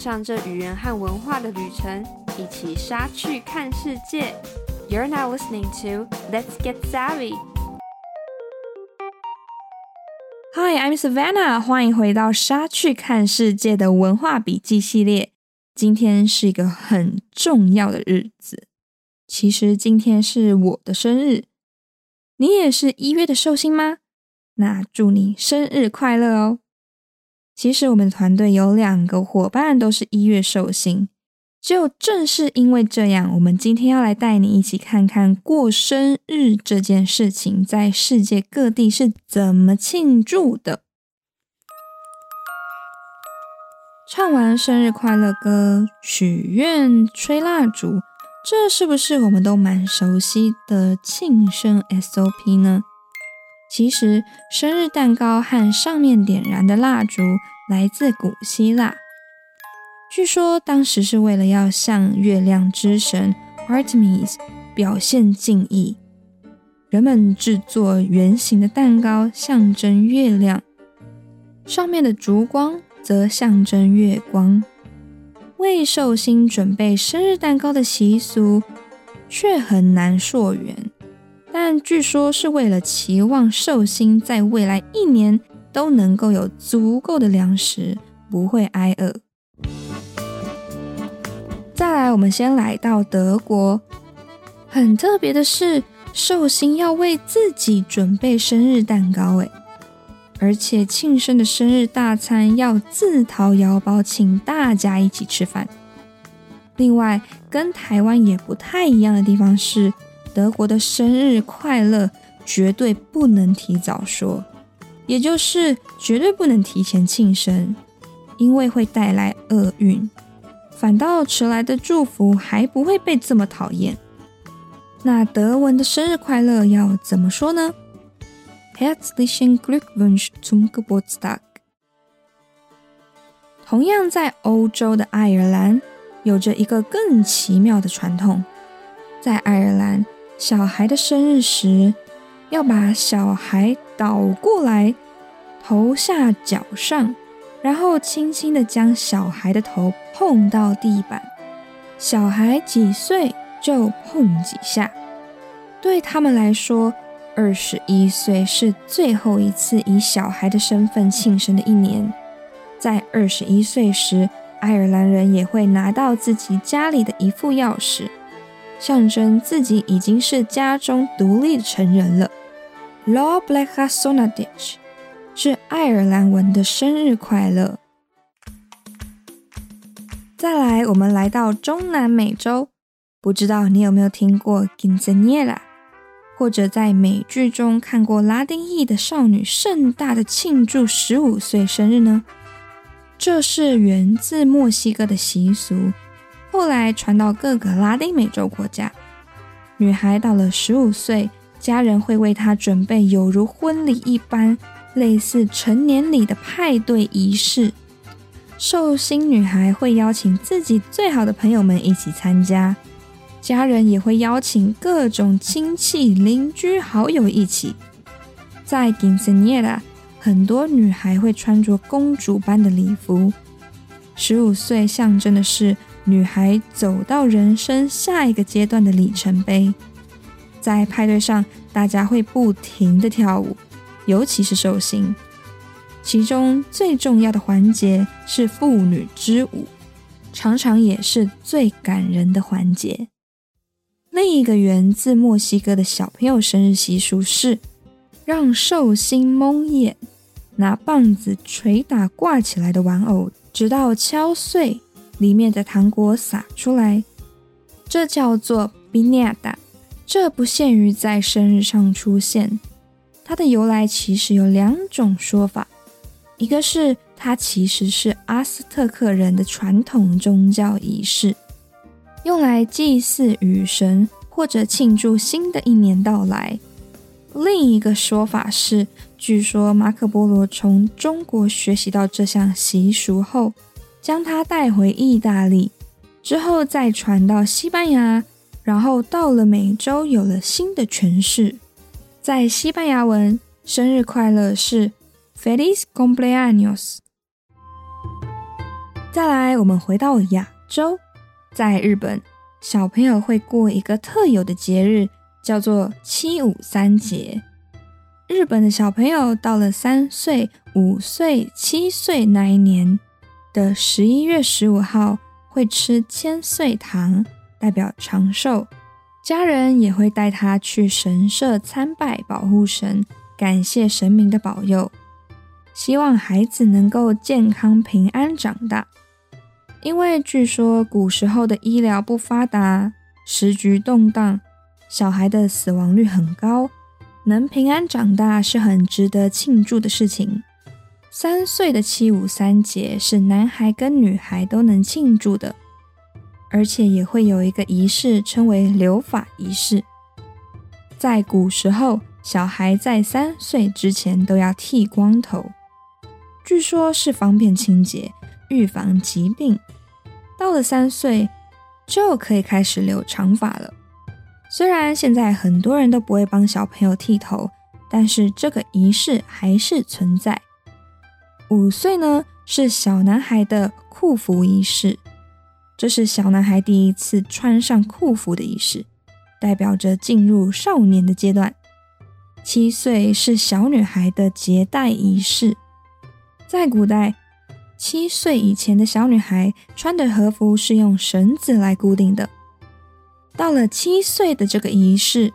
上這語言和文化的旅程，一起莎去看世界。You're now listening to Let's Get Savvy. Hi, I'm Savannah. 歡迎回到《莎去看世界》的文化筆記系列。今天是一個很重要的日子。其實今天是我的生日。你也是一月的壽星嗎？那祝你生日快樂哦！其實我們團隊有兩個夥伴都是一月壽星，就正是因為這樣，我們今天要來帶你一起看看過生日這件事情在世界各地是怎麼慶祝的。唱完生日快樂歌，許願，吹蠟燭，這是不是我們都蠻熟悉的慶生 SOP 呢？其實，生日蛋糕和上面點燃的蠟燭來自古希臘。據說當時是為了要向月亮之神 Artemis 表現敬意，人們製作圓形的蛋糕象徵月亮，上面的燭光則象徵月光。為壽星準備生日蛋糕的習俗卻很難溯源。但據說是為了期望壽星在未來一年都能夠有足夠的糧食，不會挨餓。再來，我們先來到德國。很特別的是，壽星要為自己準備生日蛋糕誒，而且慶生的生日大餐要自掏腰包請大家一起吃飯。另外，跟台灣也不太一樣的地方是，德國的生日快樂絕對不能提早說，也就是絕對不能提前慶生，因為會帶來厄運。反倒遲來的祝福還不會被這麼討厭。那德文的生日快樂要怎麼說呢？Herzlichen Glückwunsch zum Geburtstag。同樣在歐洲的愛爾蘭，有着一個更奇妙的傳統，在愛爾蘭。小孩的生日時，要把小孩倒過來，頭下腳上，然後輕輕地將小孩的頭碰到地板。小孩幾歲就碰幾下。對他們來說，二十一歲是最後一次以小孩的身份慶生的一年。在二十一歲時，愛爾蘭人也會拿到自己家裡的一副鑰匙。象徵自己已經是家中獨立的成人了。"Lá breithe shona duit" 是愛爾蘭文的生日快樂。再來，我們來到中南美洲，不知道你有沒有聽過 "quinceañera"，或者在美劇中看過拉丁裔的少女盛大的慶祝十五歲生日呢？這是源自墨西哥的習俗。後來傳到各個拉丁美洲國家。女孩到了十五歲，家人會為她準備有如婚禮一般、類似成年禮的派對儀式。壽星女孩會邀請自己最好的朋友們一起參加，家人也會邀請各種親戚、鄰居、好友一起。在 Quinceañera，很多女孩會穿着公主般的禮服。十五歲象徵的是女孩走到人生下一個階段的里程碑，在派對上，大家會不停地跳舞，尤其是壽星。其中最重要的環節是父女之舞，常常也是最感人的環節。另一個源自墨西哥的小朋友生日習俗是，讓壽星蒙眼，拿棒子捶打掛起來的玩偶，直到敲碎。裡面的糖果撒出來，這叫做 “Piñata”。這不限於在生日上出現。它的由來其實有兩種說法：一個是它其實是阿斯特克人的傳統宗教儀式，用來祭祀雨神或者慶祝新的一年到來；另一個說法是，據說馬可·波羅從中國學習到這項習俗後，將它帶回意大利，之後再傳到西班牙，然後到了美洲，有了新的詮釋。在西班牙文，生日快樂是 Feliz Cumpleaños。再來，我們回到亞洲，在日本，小朋友會過一個特有的節日，叫做七五三節。日本的小朋友到了三歲、五歲、七歲那一年，的十一月十五號會吃千歲糖，代表長壽。家人也會帶他去神社參拜保護神，感謝神明的保佑，希望孩子能夠健康平安長大。因為據說古時候的醫療不發達，時局動盪，小孩的死亡率很高，能平安長大是很值得慶祝的事情。三歲的七五三節是男孩跟女孩都能慶祝的，而且也會有一個儀式，稱為留髮儀式。在古時候，小孩在三歲之前都要剃光頭，據說是方便清潔、預防疾病。到了三歲就可以開始留長髮了。雖然現在很多人都不會幫小朋友剃頭，但是這個儀式還是存在。五歲呢，是小男孩的褲服儀式，這是小男孩第一次穿上褲服的儀式，代表着進入少年的階段。七歲是小女孩的結帶儀式，在古代，七歲以前的小女孩穿的和服是用繩子來固定的，到了七歲的這個儀式，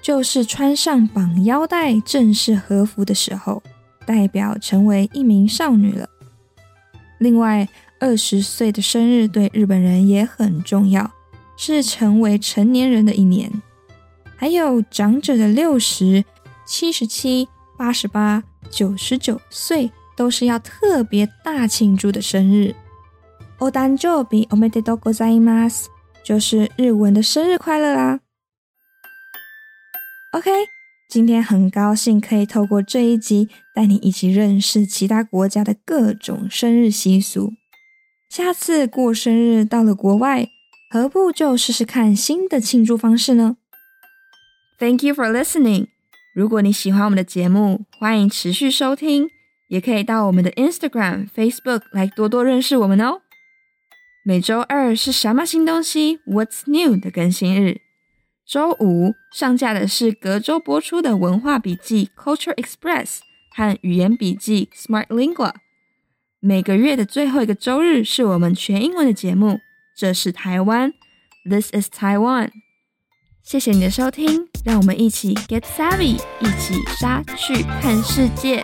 就是穿上綁腰帶正式和服的時候。代表成為一名少女了。另外，二十歲的生日對日本人也很重要，是成為成年人的一年。還有長者的六十、七十七、八十八、九十九歲都是要特別大慶祝的生日。お誕生日おめでとうございます，就是日文的生日快樂啦。OK。今天很高興可以透過這一集帶你一起認識其他國家的各種生日習俗。下次過生日到了國外，何不就試試看新的慶祝方式呢？Thank you for listening！如果你喜歡我們的節目，歡迎持續收聽，也可以到我們的 Instagram、Facebook 來多多認識我們哦。每周二是什麼新東西？What's new 的更新日。週五上架的是隔週播出的文化筆記《Culture Express》和語言筆記《Smart Lingua》。每個月的最後一個週日是我們全英文的節目。這是台灣，This is Taiwan。謝謝你的收聽，讓我們一起 Get Savvy，一起莎去看世界。